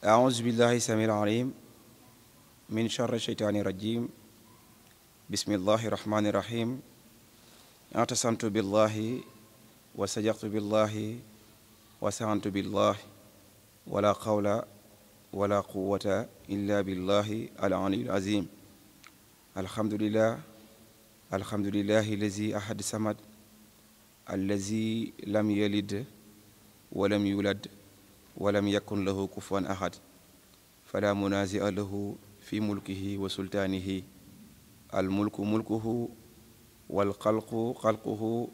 أعوذ بالله السميع العليم من شر الشيطان الرجيم بسم الله الرحمن الرحيم اعتصمت بالله وصدقت بالله وسعنت بالله ولا قول ولا قوة إلا بالله العلي العظيم الحمد لله الحمد لله الذي أحد سمد الذي لم يلد ولم يولد walam yakun lahu kufuwan ahad fala munazia lahu fi mulkihi wa sultaanihi almulku mulkuhu walxalqu xalquhu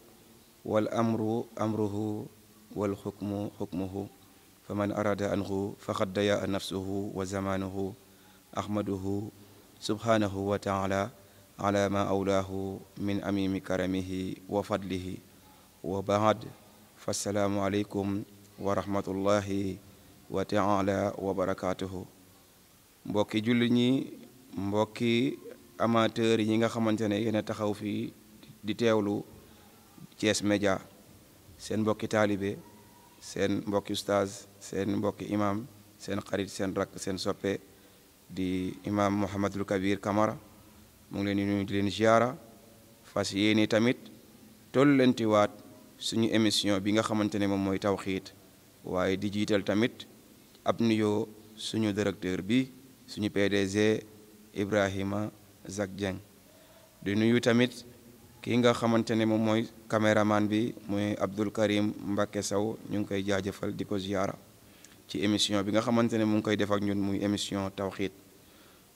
wal amru amruhu walxukmu xukmuhu faman arada anhu faqad dayaa nafsuhu wa zamaanuhu ahmaduhu subhaanahu wa taala ala ma awlaahu min amimi karamihi wa fadlihi wa baad fa salaamu aleykum wa rahmatullahi wa taala wa barakaatuhu mbokki julli ñi mbokki amateur yi nga xamante ne yéen a taxaw fii di teewlu Thiès Média seen mbokki taalibe seen mbokki ustaaz seen mbokki imaam seen xarit seen rakk seen soppe di imam Mouhamadul Kabir Kamara mu ngi leen di nuyu di ziara fas yéeni tamit toll leen tiwaat suñu émission bi nga xamante ne moom mooy tawxiit waaye di jiital tamit ab nuyoo suñu directeur bi suñu PDG Ibrahima Zack Dieng di nuyu tamit ki nga xamante ne moom mooy caméraman bi muy Abdul Karim Mbacke Sow ñu ngi koy jaajëfal di ko ziara ci émission bi nga xamante ne mu ngi koy def ak ñun muy émission tawxiid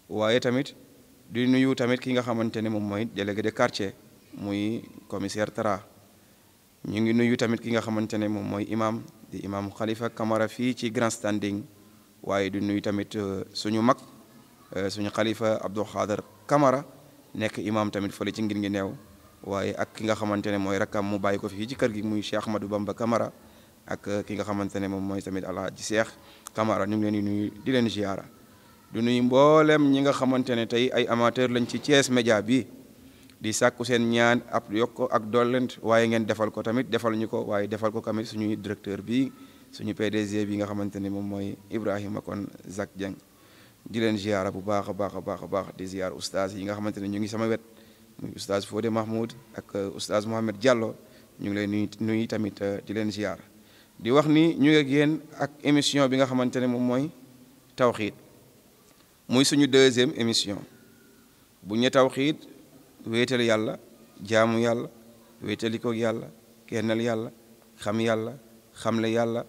waaye tamit di nuyu tamit ki nga xamante ne moom mooy délégué de quartier muy commissaire Tara ñu ngi nuyu tamit ki nga xamante ne moom mooy imam di imam Kamara fii ci grand standing waaye du nuyu tamit euh, suñu mag euh, suñu Khalifa Abdou Khader Kamara nekk imam tamit fële ci ngir ngi neew waaye ak ki nga xamante ne mooy rakkam mu bàyyi ko fii ci kër gi muy Cheikh Ahmadou Bamba Kamara ak euh, ki nga xamante ne moom mooy tamit alhaji Cheikh Kamara ñu ngi leen di di leen ziara du nuyu mboolem ñi nga xamante ne tey ay amateur lañ ci Thiès média bi di sàkku seen ñaan ab yokk ak dollent waaye ngeen defal ko tamit defal ñu ko waaye defal ko tamit suñuy directeur bi suñu PDG bi nga xamante ni moom mooy Ibrahima kon Zac Dieng di leen giar bu baax a baax a baax a baax di ziar oustaz yi nga xamante ne ñu ngi sama wet muy oustaz Fodé Mahmoud ak oustaz euh, Mohamed Diallo ñu ngi leen nuyu nuyu tamit euh, di leen ziar di wax ni ñu ngi ak émission bi nga xamante ne moom mooy tawxiid muy suñu deuxième émission bu ñu tawxiid wéetal yàlla jaamu yàlla wéetalikoog yàlla kennal yàlla xam yàlla xamle yàlla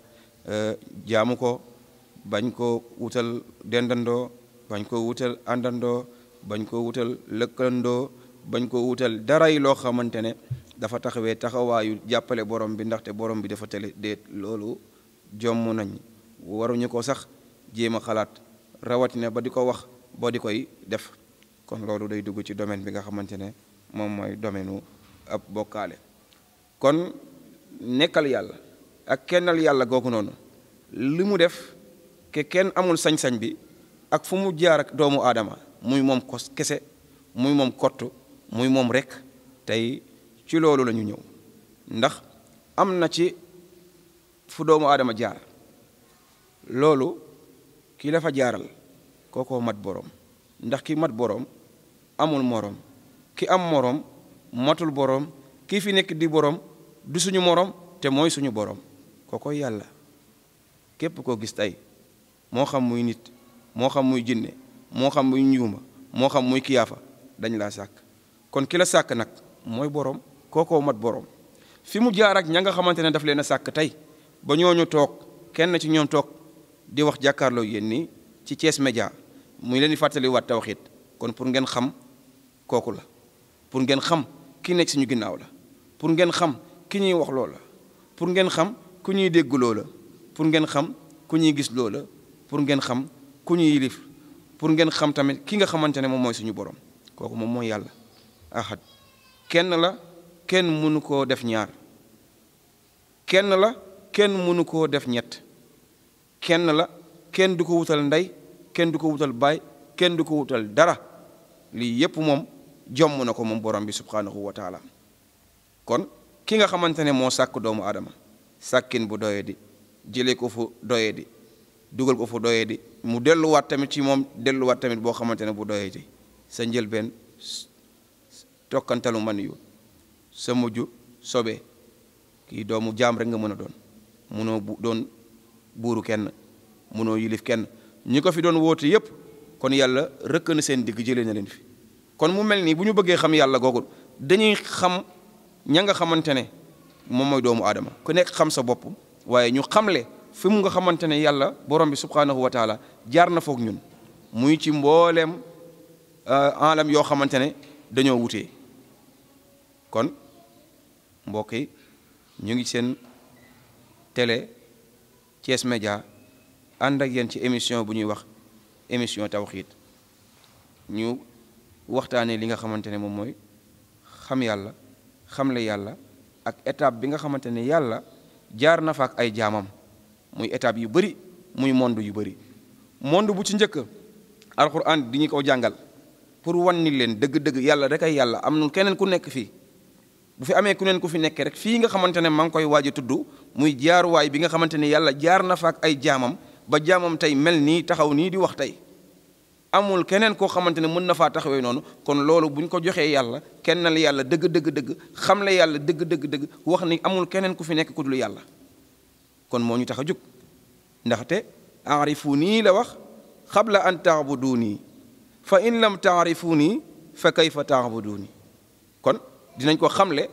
euh, jaamu ko bañ koo wutal dendandoo bañ koo wutal àndandoo bañ koo wutal lëkkandoo bañ koo wutal dara loo xamante ne dafa taxawee taxawaayu jàppale borom bi ndaxte borom bi dafa tele déet loolu jomm nañ waruñu ko sax jéem a xalaat rawatina ba di ko wax ba di koy def kon loolu day dugg ci domaine bi nga xamante ne moom mooy domaine ab bokkaale kon nekkal yàlla ak kennal yàlla googu noonu li mu def ke amul sañ-sañ bi ak fu mu jaar ak doomu aadama muy moom kos kese muy moom kott muy moom rek tey ci loolu lañu ñëw ndax am na ci fu doomu aadama jaar loolu ki la fa jaaral kookoo mat boroom ndax ki mat boroom amul moroom ki am moroom matul boroom kii fi nekk di boroom du suñu moroom te mooy suñu boroom kookoy yàlla képp koo gis tey moo xam muy nit moo xam muy jinne moo xam muy njuuma moo xam muy kiyaafa dañ laa sàkk kon ki la sàkk nag mooy boroom kookoo mat boroom fi mu jaar ak ña nga xamante ne daf leen a sàkk tey ba ñooñu toog kenn ci ñoom toog di wax jàkkaarloo yéen nii ci Thiès Média muy leen di fàttaliwaat tawxiit kon pour ngeen xam kooku la pour ngeen xam ki nekk suñu ginnaaw la pour ngeen xam ki ñuy wax loola pour ngeen xam ku ñuy dégg loola pour ngeen xam ku ñuy gis loola pour ngeen xam ku ñuy yilif pour ngeen xam tamit ki nga xamante ne moom mooy suñu borom kooku moom mooy yàlla ahad kenn la kenn mënu koo def ñaar kenn la kenn mënu koo def ñett kenn la kenn du ko wutal ndey kenn du ko wutal baay kenn du ko wutal dara lii yépp moom jomm na ko moom borom bi subhanahu wa taala kon ki nga xamante ne moo sàkk doomu adama sàkkin bu doye di jëlee ko fu doye di dugal ko fu doye di mu delluwaat tamit ci moom delluwaat tamit boo xamante ne bu doye di sa njëlbeen tokkantalu man yu sa mujj sobe kii doomu jaam rek nga mën a doon munoo bu doon buuru kenn munoo yilif kenn ñi ko fi doon woote yépp kon yàlla rëkk na seen digg jëlee na leen fi kon mu mel nii bu ñu bëggee xam yàlla googu dañuy xam ña nga xamante ne moom mooy doomu aadama ku nekk xam sa bopp waaye ñu xamle fi mu nga xamante ne yàlla borom bi subhanahu wa taala jaar na foog ñun muy ci mbooleem euh, alam yoo xamante ne dañoo wutee kon mbokk yi ñu ngi seen tele Thiès Média ànd ak yéen ci émission bu ñuy wax émission tawxiid ñu waxtaanee li nga xamante ne moom mooy xam yàlla xamle yàlla ak étape bi nga xamante ne yàlla jaar na ak ay jaamam muy étape yu bëri muy monde yu bëri monde bu ci njëkk alxuraan di ñu ko jàngal pour wan ni leen dëgg-dëgg yàlla rek ay yàlla am keneen ku nekk fii bu fi amee ku neen ku fi nekkee rek fii nga xamante ne maa ngi koy waaj tudd muy jaaruwaay bi nga xamante ne yàlla jaar na fa ay jaamam ba jaamam tey mel nii taxaw nii di wax tey amul keneen koo xamante ne mën na faa taxawee noonu kon loolu bu ñu ko joxee yàlla kenn la yàlla dëgg dëgg dëgg xam la yàlla dëgg dëgg wax ni amul keneen ku fi nekk ku dul yàlla kon moo ñu tax a jóg ndaxte aarifu nii la wax xab la xabla an taabudu nii fa in la lam taarifu nii fekk fa kayfa taabudu nii kon dinañ ko xamle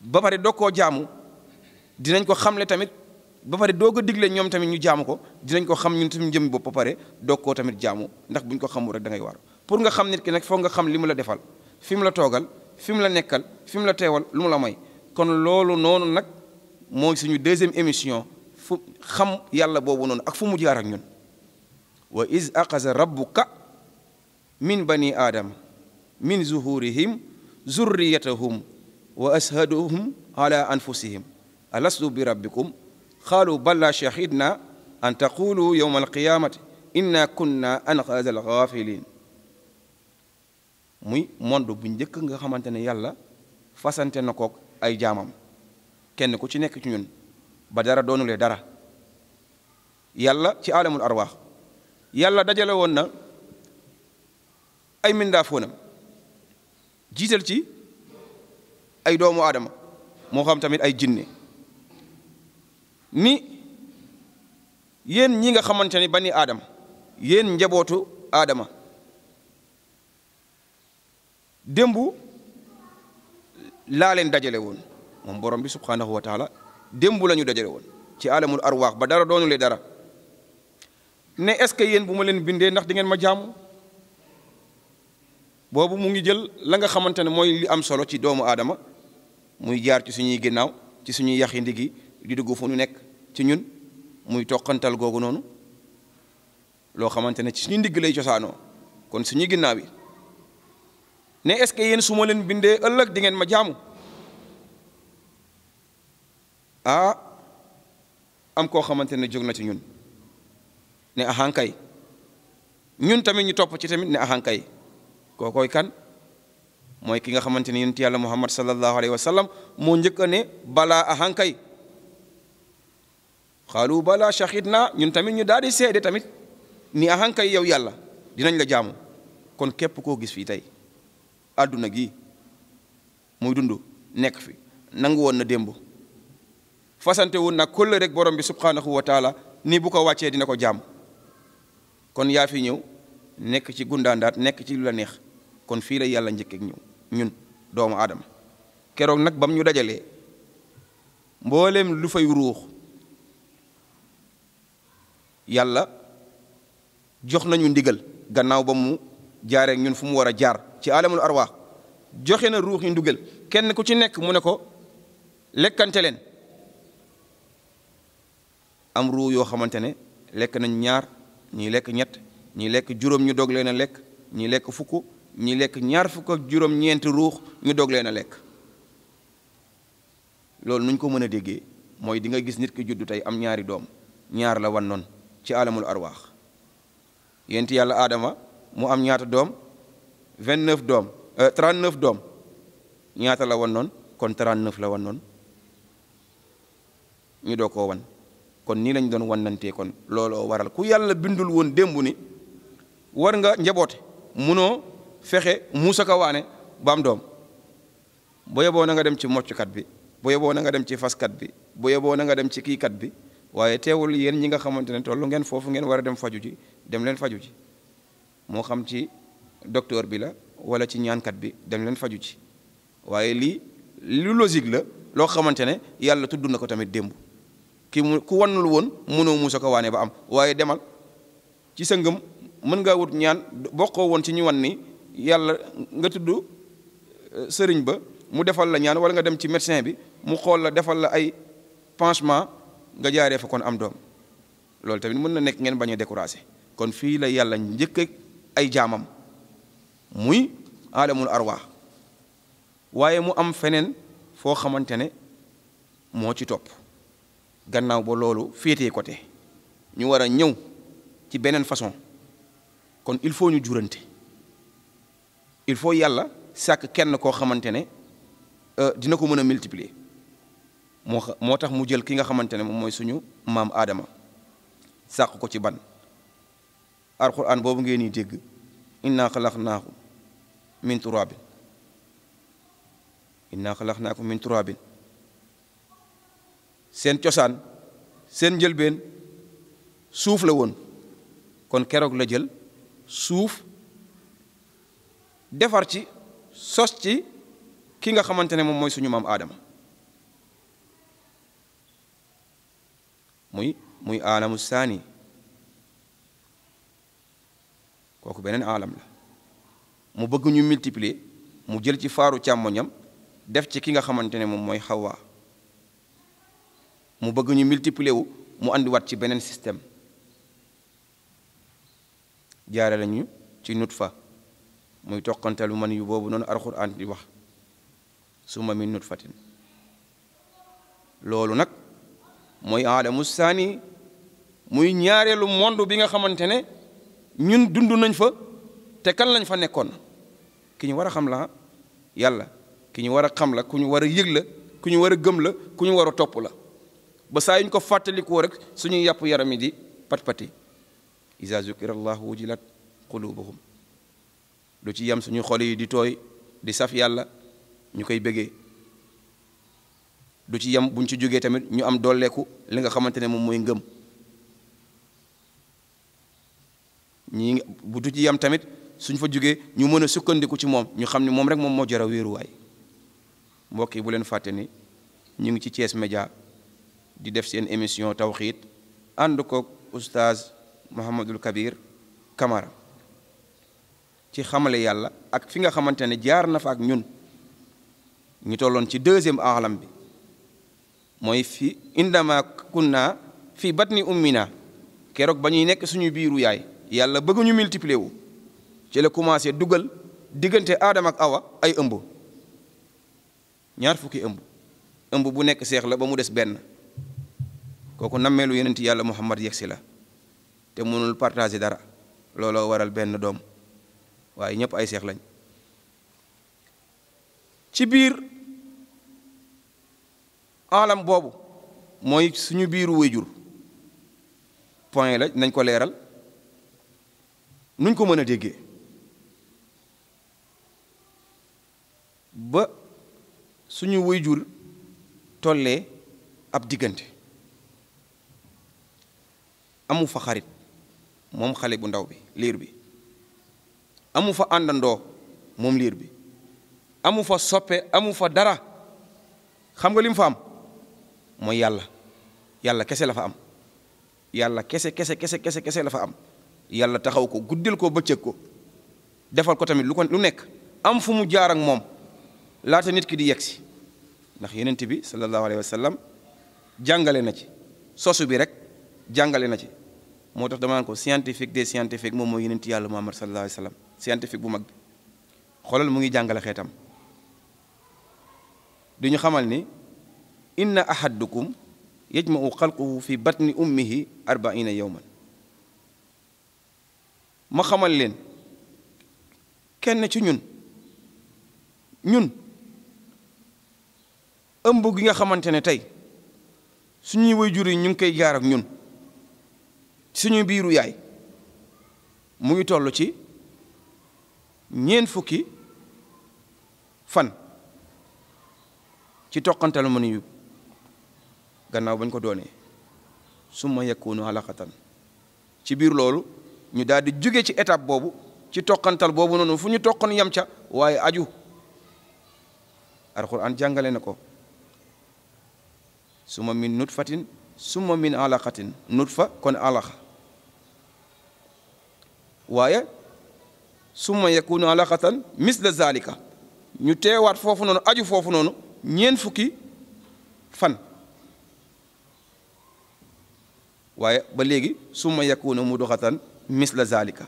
ba pare dog koo jaamu dinañ ko xamle tamit ba pare doo ko digle ñoom tamit ñu jaamu ko dinañ ko xam ñun suñu jëm bopp ba pare doog koo tamit jaamu ndax buñ ko xamul rek da waar pour nga xam nit ki nag foog nga xam li mu la defal fi mu la toogal fi mu la nekkal fi mu la teewal lu mu la may kon loolu noonu nag moo suñu deuxième émission fu xam yàlla boobu noonu ak fu mu jaar ak ñun wa iz aqaza rabbuka min bani aadama min zuhurihim zurriyatahum wa ashhaduhum ala anfusihim alastu bi rabbikum قالوا بلى شهدنا أن تقولوا يوم القيامة إنا كنا عن هذا الغافلين muy mondo bu njëkk nga xamante ne yàlla fasante na kook ay jaamam kenn ku ci nekk ci ñun ba dara doonulee dara yàlla ci alamul arwaax yàlla dajale woon na ay mindaafoonam jiital ci ay doomu aadama moo xam tamit ay jinne ni yéen ñi nga xamante ni bani aadama yéen njabootu aadama démbu laa leen dajale woon moom borom bi subhanahu wa taala démbu la ñu dajale woon ci alamul arwaax ba dara doonu le dara ne est-ce que yéen bu ma leen bindee ndax di ngeen ma jaamu boobu mu ngi jël la nga xamante ne mooy li am solo ci doomu aadama muy jaar ci suñuy ginnaaw ci suñuy yaxi ndigi di dugg fu ñu nekk ci ñun muy toqantal googu noonu loo xamante ne ci suñu ndigg lay cosaanoo kon suñu ginnaaw bi ne est-ce que yéen su ma leen bindee ëllëg di ngeen ma jaamu ah am koo xamante ne jóg na ci ñun ne ahankay ñun tamit ñu topp ci tamit ne ahankay kookooy kan mooy ki nga xamante ne yonent yàlla muhammad sallallahu alayhi wa sallam moo njëkk a ne balaa ahankay xaalu bala shahid naa ñun tamit ñu daal di seede tamit ni ahankay yow yàlla dinañ la jaamu kon képp koo gis fii tey àdduna gi muy dund nekk fi nangu woon na démb fasante woon nag kóllë rek borom bi subhanahu wa ni bu ko wàccee dina ko jaam kon yaa fi ñëw nekk ci gundaandaat nekk ci lu la neex kon fii la yàlla njëkk ak ñëw ñun doomu aadama keroog nag bam ñu dajalee mboolem lu fay ruux yàlla jox nañu ndigal gannaaw ba mu jaaree ñun fu mu war a jaar ci alamul arwaax joxe na ruux yi ndugal kenn ku ci nekk mu ne ko lekkante leen am ruux yoo xamante ne lekk nañ ñaar ñii lekk ñett ñii lekk juróom ñu doog leen a lekk ñii lekk fukk ñii lekk ñaar fukk ak juróom ñeenti ruux ñu dog leen a lekk loolu nuñ ko mën a déggee mooy di nga gis nit ki juddu tey am ñaari doom ñaar la wan noonu ci alamul arwaax yenti yàlla aadama mu am ñaata doom 29 doom 39 euh, doom ñaata la wan noon kon 39 la wan noon ñu doo koo wan kon nii lañ doon wannantee kon looloo waral ku yàlla bindul woon démb ni war nga njaboote munoo fexe muusa ka waane ba am doom bu yeboo na nga dem ci mocckat bi bu yeboo na nga dem ci faskat bi bu yeboo na nga dem ci kiikat bi waaye teewul yéen ñi nga xamante ne toll ngeen foofu ngeen war a dem faju ji dem leen faju ci moo xam ci docteur bi la wala ci ñaankat bi dem leen faju ci waaye lii lu logique la loo xamante ne yàlla tudd na ko tamit démb ki mu ku wannul woon mënoo muusa ko waane ba am waaye demal ci sa ngëm mën ngaa wut ñaan bokkoo woon ci ñu wan ni yàlla nga tudd euh, sëriñ ba mu defal la ñaan wala nga dem ci médecin bi mu xool la defal la ay pansement nga jaaree fa kon am doom loolu tamit mën na nekk ngeen bañ a découragé kon fii la yàlla njëkk ay jaamam muy alamul arwa waaye mu am feneen foo xamante ne moo ci topp gannaaw ba loolu féetee côté ñu war a ñëw ci beneen façon kon il faut ñu jurante il faut yàlla sàkk kenn koo xamante ne euh, dina ko mën a multiplier moo moo tax mu jël ki nga xamante ne moom mooy suñu maam adama sàq ko ci ban alquran boobu ngeen di dégg inna xalaqnaakum min turaabin inna xalaqnaakum min turaabin seen cosaan seen njëlbeen suuf la woon kon keroog la jël suuf defar ci sos ci ki nga xamante ne moom mooy suñu maam aadama muy muy aalamu saani kooku beneen aalam la mu bëgg ñu multiplier mu jël ci faaru càmmoñam def ci ki nga xamante ne moom mooy xawaa mu bëgg ñu multiplier wu mu àndiwaat ci beneen système jaare lañu ci fa muy toqantalu man yu boobu noonu alxuraan di wax suma min nutfatin loolu nag mooy aadamu saani muy ñaareelu monde bi nga xamante ne ñun dundu nañ fa te kan lañ fa nekkoon ki ñu war a xam la yàlla ki ñu war a xam la ku ñu war a yëg la ku ñu war a gëm la ku ñu war a topp la ba saa yuñ ko fàttalikoo rek suñuy yàpp yaram yi di pat-pati iza zukira allahu wajilat qulubuhum du ci yam suñu xol yi di tooy di saf yàlla ñu koy bëggee du ci yem buñ ci jógee tamit ñu am dooleeku li nga xamante ne moom mooy ngëm ñi bu du ci yem tamit suñ fa jógee ñu mën a sukkandiku ci moom ñu xam ne moom rek moom moo jara a wéeruwaay mbokk yi bu leen fàtte ni ñu ngi ci Thiès Média di def seen émission tawxiit ànd koog oustaz Mouhamadul Kabir kamara ci xamale yàlla ak fi nga xamante ne jaar nafa ak ñun ñu tolloon ci deuxième alam bi mooy fi indama naa fii batni ummina keroog ba ñuy nekk suñu biiru yaay yàlla bëgg ñu multiplier wu ci la commencé dugal diggante aadama awa ay ëmb ñaar fukki ëmb ëmb bu nekk seex la ba mu des benn kooku nammeelu yonent yàlla muhammad yegsi la te mënul partager dara looloo waral benn doom waaye ñëpp ay seex lañ ci biir alam boobu mooy suñu biiru wéjur point la nañ ko leeral nuñ ko mën a déggee ba suñu wéjur tollee ab diggante amu fa xarit moom xale bu ndaw bi liir bi amu fa àndandoo moom liir bi amu fa soppe amu fa dara xam nga lim fa am mooy yàlla yàlla kese la fa am yàlla kese kese kese kese kese la fa am yàlla taxaw ko guddil ko bëccëg ko defal ko tamit lu ko lu nekk am fu mu jaar ak moom laata nit ki di yegsi ndax yonent bi sallallahu alayhi wa sallam jàngale na ci sosu bi rek jàngale na ci moo tax damaa ko scientifique des scientifiques moom mooy yonent yàlla Muhammad sallallahu alayhi wa sallam scientifique bu mag bi xoolal mu ngi jàngale xeetam du ñu xamal ni. inna ahadukum yajma'u xalquhu fi batni ummihi arbaina yowman ma xamal leen kenn ci ñun ñun ëmb gi nga xamante ne tey suñuy waajur yi ñu ngi koy jaar ak ñun suñu biiru yaay mu ngi toll ci ñeent fukki fan ci toqantal ma nuyu gannaaw bañ ko doonee summa yakunu alaqatan ci biir loolu ñu daal di jóge ci étape boobu ci toqantal boobu noonu fu ñu toqan yam ca waaye aju alquran jàngale na ko suma miin summa min nutfatin summa min nut fa kon alaqa waaye summa yakunu alaqatan misla zalika ñu teewaat foofu noonu aju foofu noonu ñeen fukki fan waaye ba léegi summa yakuna mudghatan misla zalika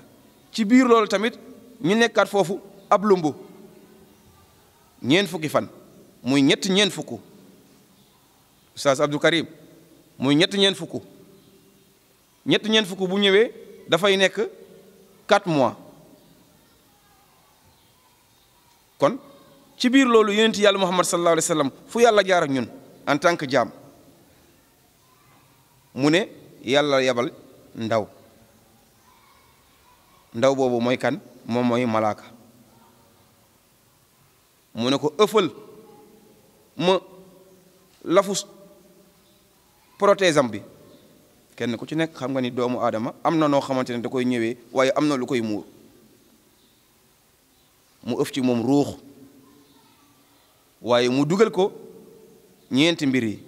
ci biir loolu tamit ñu nekkaat foofu ab lumbu ñeen fukki fan muy ñett ñeen fukk Oustaz Abdou Karim muy ñett ñeen fukk ñett ñeen fukk bu ñëwee dafay nekk 4 mois kon ci biir loolu yonent yàlla Muhammad sallallahu alayhi wa sallam fu yàlla jaar ak ñun en tant que jaam mu ne yàlla yabal ndaw ndaw boobu mooy kan moom mooy malaaka mu ne ko ëffal ma lafus protésam bi kenn ku ci nekk xam nga ni doomu aadama am na noo xamante ne da koy ñëwee waaye am na lu koy muur mu ëf ci moom ruux waaye mu dugal ko ñeenti mbir yi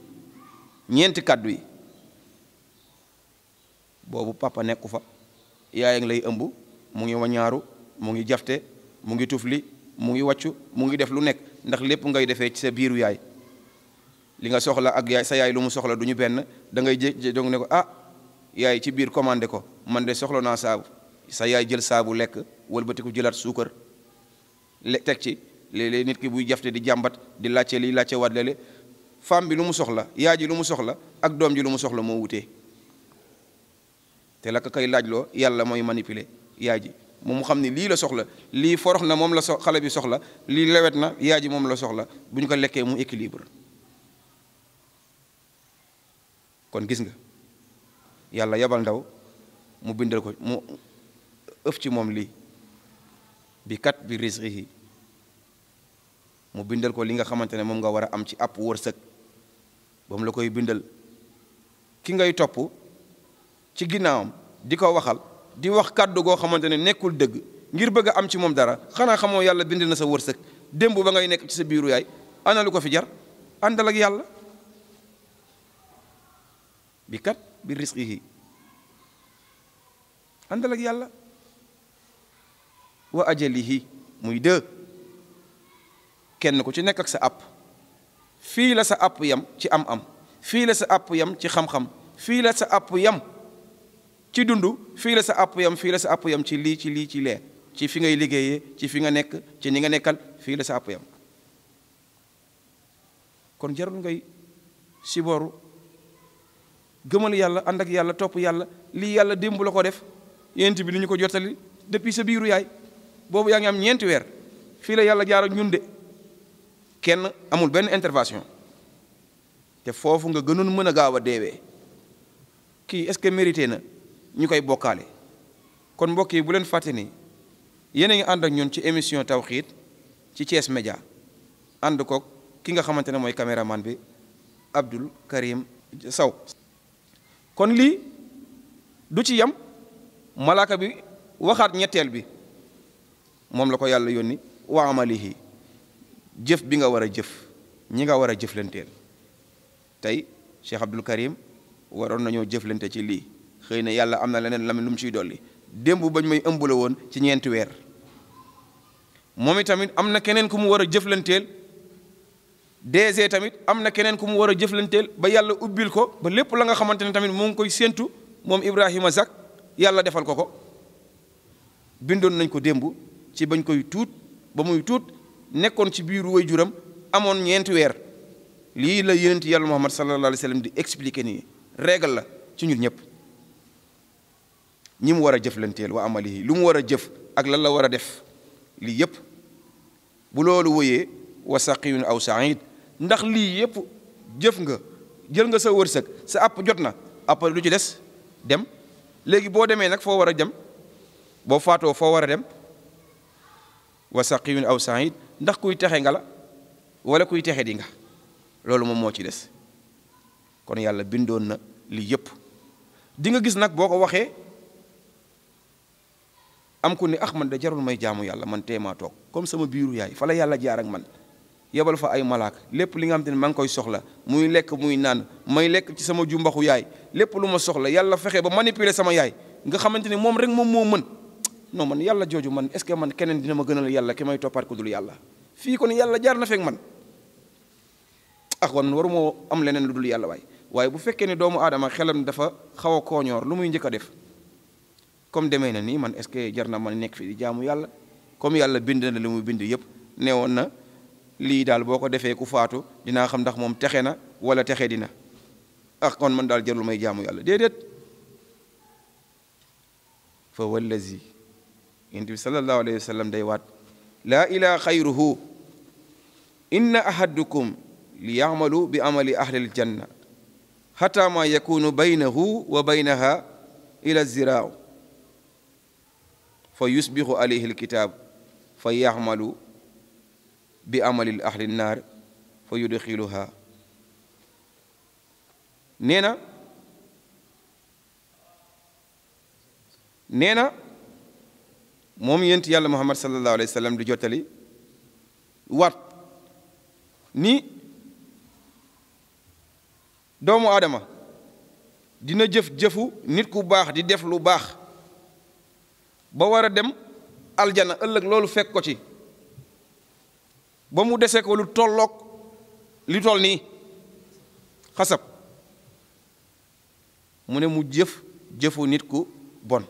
ñeenti kàddu yi boobu papa nekku fa yaayang lay ëmb mu ngi wañaaru mu ngi jafte mu ngi tufli mu ngi wàccu mu ngi def lu nekk ndax lépp ngay defee ci sa biiru yaay li nga soxla ak yaay sa yaay lu mu soxla du ñu benn da ngay jé donc ne ko ah yaay ci biir commandé ko man de soxla naa saabu sa yaay jël saabu lekk wëlbatiku jëlaat suukar le teg ci léeg nit ki buy jafte di jàmbat di laajte lii laajte waat lale femme bi lu mu soxla yaay ji lu mu soxla ak doom ji lu mu soxla moo wutee te la ko koy loo yàlla mooy manipuler yaay ji moom mu xam ne lii la soxla lii forox na moom la so xale bi soxla lii lawet na yaay ji moom la soxla bu ñu ko lekkee mu équilibre kon gis nga yàlla yebal ndaw mu bindal ko mu ëf ci moom lii bi kat bi rizqihi mu bindal ko li nga xamante ne moom nga war a am ci ab wërsëg ba mu la koy bindal ki ngay topp ci ginnaawam di ko waxal di wax kàddu goo xamante ne nekkul dëgg ngir bëgg a am ci moom dara xanaa xamoo yàlla bind na sa wërsëg démb ba ngay nekk ci sa biiru yaay ana ko fi jar àndalak yàlla bi kat bi risqihi àndal ak yàlla wa ajalihi muy dë kenn ku ci nekk ak sa àpp fii la sa àpp yam ci am-am fii la sa àpp yam ci xam-xam fii la sa àpp yam ci dund fii la sa àpp yam fii la sa àpp yam ci lii ci lii ci leer ci fi ngay liggéeyee ci fi nga nekk ci ni nga nekkal fii la sa àpp yam kon jarul ngay sibooru gëmal yàlla ànd ak yàlla topp yàlla lii yàlla démb la ko def yent bi ni ñu ko jottali depuis sa biiru yaay boobu yaa ngi am ñeenti weer fii la yàlla jaar ak ñun de kenn amul benn intervention te foofu nga gënoon mën a gaaw a deewee kii est-ce que mérité na ñu koy bokkaale kon mbokk yi bu leen fàtte ni yéen a ngi ànd ak ñun ci émission tawxiit ci Thiès Média ànd ko ki nga xamante ne mooy caméraman bi Abdul Karim Saw kon lii du ci yam malaaka bi waxaat ñetteel bi moom la ko yàlla yónni wa amalihi jëf bi nga war a jëf ñi nga war a jëflanteel tey Cheikh Abdul Karim waroon nañoo jëflante ci lii xëy na yàlla am na leneen lam lu mu ciy dolli démb bañ may ëmb la woon ci ñeenti weer moom itamit am na keneen ku mu war a jëflanteel DG tamit am na keneen ku mu war a jëflanteel ba yàlla ubbil ko ba lépp la nga xamante ne tamit mu ngi koy séentu moom Ibrahima Zak yàlla defal ko ko bindoon nañ ko démb ci bañ koy tuut ba muy tuut nekkoon ci biiru way juram amoon ñeenti weer lii la yonent yàlla Muhammad sallallahu alayhi wa sallam di expliquer nii régal la ci ñun ñëpp. ñi mu war a jëflanteel wa amalihi lu mu war a jëf ak lan la war a def lii yépp bu loolu woyee wa saqiyun aw said ndax lii yépp jëf nga jël nga sa wërsëg sa àpp jot na àpp lu ci des dem léegi boo demee nag foo war a dem boo faatoo foo war a dem wa saqiyun aw said ndax kuy texe nga la wala kuy texe di nga loolu moom moo ci des kon yàlla bindoon na lii yépp di nga gis nag boo ko waxee am ku ne ax ah, man de jarul may jaamu yàlla man teemaa toog comme sama biiru yaay fa la yàlla jaar man yebal fa ay malaak lépp li nga xam te ne maa ngi koy soxla muy lekk muy naan may lekk ci sama jumbaxu yaay lépp lu ma soxla yàlla fexe ba manipuler sama yaay nga xamante ne moom rek moom moo mën non man yàlla jooju man est-ce man keneen dina ma gënal yàlla ki may toppaat ko dul yàlla fii kon yàlla jaar na fekk man ah kon waru moo am leneen lu dul yàlla waay waaye bu fekkee ne doomu aadama xelam dafa xaw a kooñoor lu muy njëkk a def comme demee na nii man est-ce jar na man nekk fi di jaamu yàlla comme yàlla bind na li mu bind yëpp ne woon na lii daal boo ko defee ku faatu dinaa xam ndax moom texe na wala texe dina ah kon man daal jarul may jaamu yàlla déedéet fa wallazi yent bi sallallahu alayhi wa sallam day waat laa ilaa xayruhu inna ahadukum li yamalu bi amali ahlil janna xata ma yakunu baynahu wa baynaha ila ziraaw fa yusbihu alayhi alkitab fa yaxmalu bi amali ahli naar fa yudxiluha nee na moom yent yàlla muhammad sallallahu alayhi wa sallam jottali wat ni doomu aadama dina jëf-jëfu nit ku baax di def lu baax ba war a dem aljana ëllëg loolu fekk ko ci ba mu dese ko lu tolloog li toll nii xasab mu ne mu jëf jëfu nit ku bon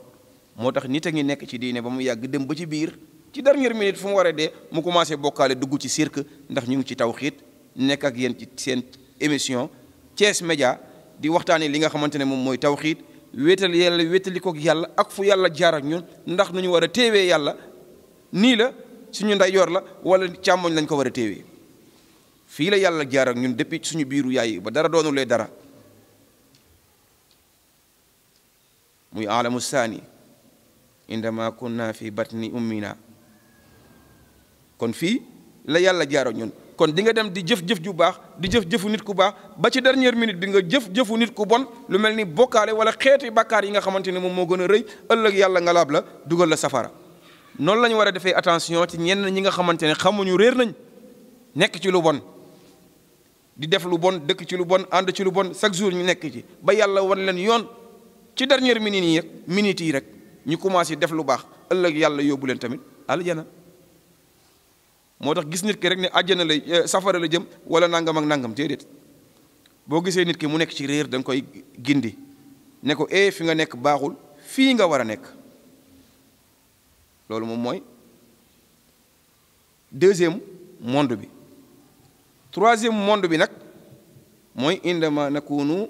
moo tax nit a ngi nekk ci diine ba mu yàgg dem ba ci biir ci dernière minute fu mu waree de mu commencé bokkaale dugg ci cirque ndax ñu ngi ci tawxiit nekk ak yéen ci seen émission Thiès Média di waxtaanee li nga xamante ne moom mooy tawxiit wéetal yàlla wéetali kook yàlla ak fu yàlla jaar ak ñun ndax nu ñu war a téewee yàlla nii la suñu ndeyjoor la wala càmmooñ lañ ko war a téewee fii la yàlla jaar ak ñun depuis suñu biiru yaay ba dara doonulee dara muy alamu saani indama kunna fi batni ummina kon fii la yàlla jaar ñun kon di nga dem di jëf jëf ju baax di jëf jëfu nit ku baax ba ci dernière minute bi nga jëf jëfu nit ku bon lu mel ni bokkaale wala xeeti bàkkaar yi nga xamante ni moom moo gën a rëy ëllëg yàlla nga laab la dugal la safara noonu la ñu war a defee attention ci ñenn ñi nga xamante ne xamuñu réer nañ nekk ci lu bon di def lu bon dëkk ci lu bon ànd ci lu bon chaque jour ñu nekk ci ba yàlla wan leen yoon ci dernière minute yi minute yi rek ñu commencé def lu baax ëllëg yàlla yóbbu leen tamit aljana moo tax gis nit ki rek ne àjjana lay eh, safara la jëm wala nangam ak nangam déedéet boo gisee nit ki mu nekk ci réer da koy gindi ne ko eh, fi nga nekk baaxul fii nga war a nekk loolu moom mooy deuxième monde bi troisième monde bi nag mooy indama nakunu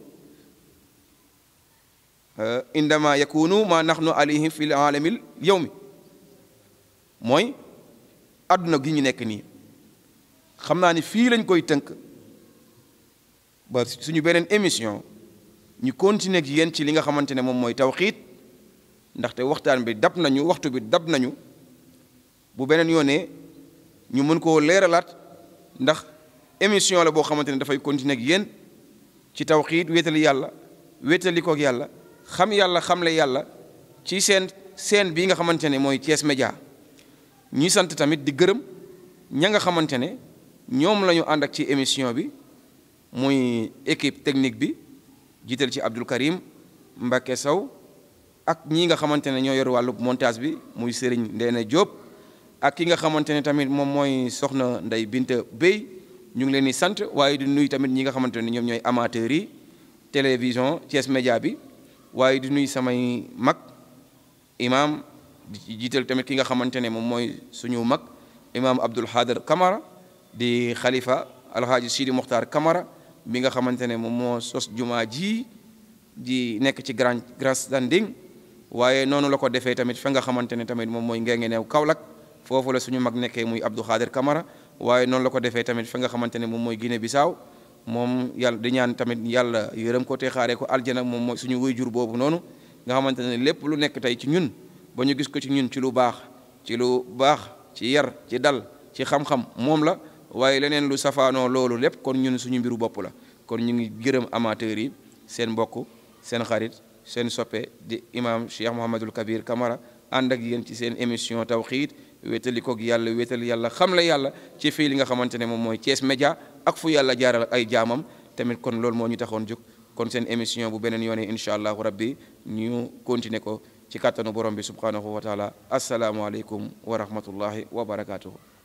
eh, indama yakunu ma naxnu alayhi fi alamil yow mi mooy àdduna gi ñu nekk nii xam naa ni fii lañ koy tënk ba suñu beneen émission ñu continuer yéen ci li nga xamante ne moom mooy tawxiit ndaxte waxtaan bi dab nañu waxtu bi dab nañu bu beneen yoonee ñu mën koo leeralaat ndax émission la boo xamante ne dafay continuer ak yéen ci tawxiit wéetali yàlla wéetali kook yàlla xam yàlla xam xamle yàlla ci seen seen bii nga xamante ne mooy Thiès Média ñuy sant tamit di gërëm ña nga xamante ne ñoom la ñu ànd ak ci émission bi muy équipe technique bi jiital ci Abdul Karim Mbacke Sow ak ñi nga xamante ne ñoo yor wàllu montage bi muy Serigne na Diop ak ki nga xamante ne tamit moom mooy soxna Ndey Binta Bey ñu ngi leen di sant waaye di nuy tamit ñi nga xamante ne ñoom ñooy amateurs yi télévision Thiès Média bi waaye di nuyu samay mag imam di jiital tamit ki nga xamante ne moom mooy suñu mag imaam Abdul Xaadar Kamara di xalifa alxaaji Sidi Mokhtar Kamara bi nga xamante ne moom moo sos jumaa ji di nekk ci grand grand standing waaye noonu la ko defee tamit fa nga xamante ne tamit moom mooy ngenge neew Kaolack foofu la suñu mag nekkee muy Abdou Xaadir Kamara waaye noonu la ko defee tamit fa nga xamante ne moom mooy Guinée Bissau moom yàlla di ñaan tamit yàlla yërëm ko te xaaree ko aljana moom mooy suñu jur boobu noonu nga xamante ne lépp lu nekk tey ci ñun ba ñu gis ko ci ñun ci lu baax ci lu baax ci yar ci dal ci xam-xam moom la waaye leneen lu safaanoo loolu lépp kon ñun suñu mbiru bopp la kon ñu ngi gërëm amateurs yi seen mbokk seen xarit seen soppe di imam Cheikh Mouhamadul Kabir Kamara ànd ak yéen ci seen émission tawxiid wéetali koog yàlla wéetali yàlla xam la yàlla ci fii li nga xamante ne moom mooy Thiès Média ak fu yàlla jaaral ay jaamam tamit kon loolu moo ñu taxoon jóg kon seen émission bu beneen yoonee incha allahu rabbi ñu continuer ko ci kàttanu borom bi subhanahu wa taala asalaamualeykum wa rahmatullahi wa barakaatuhu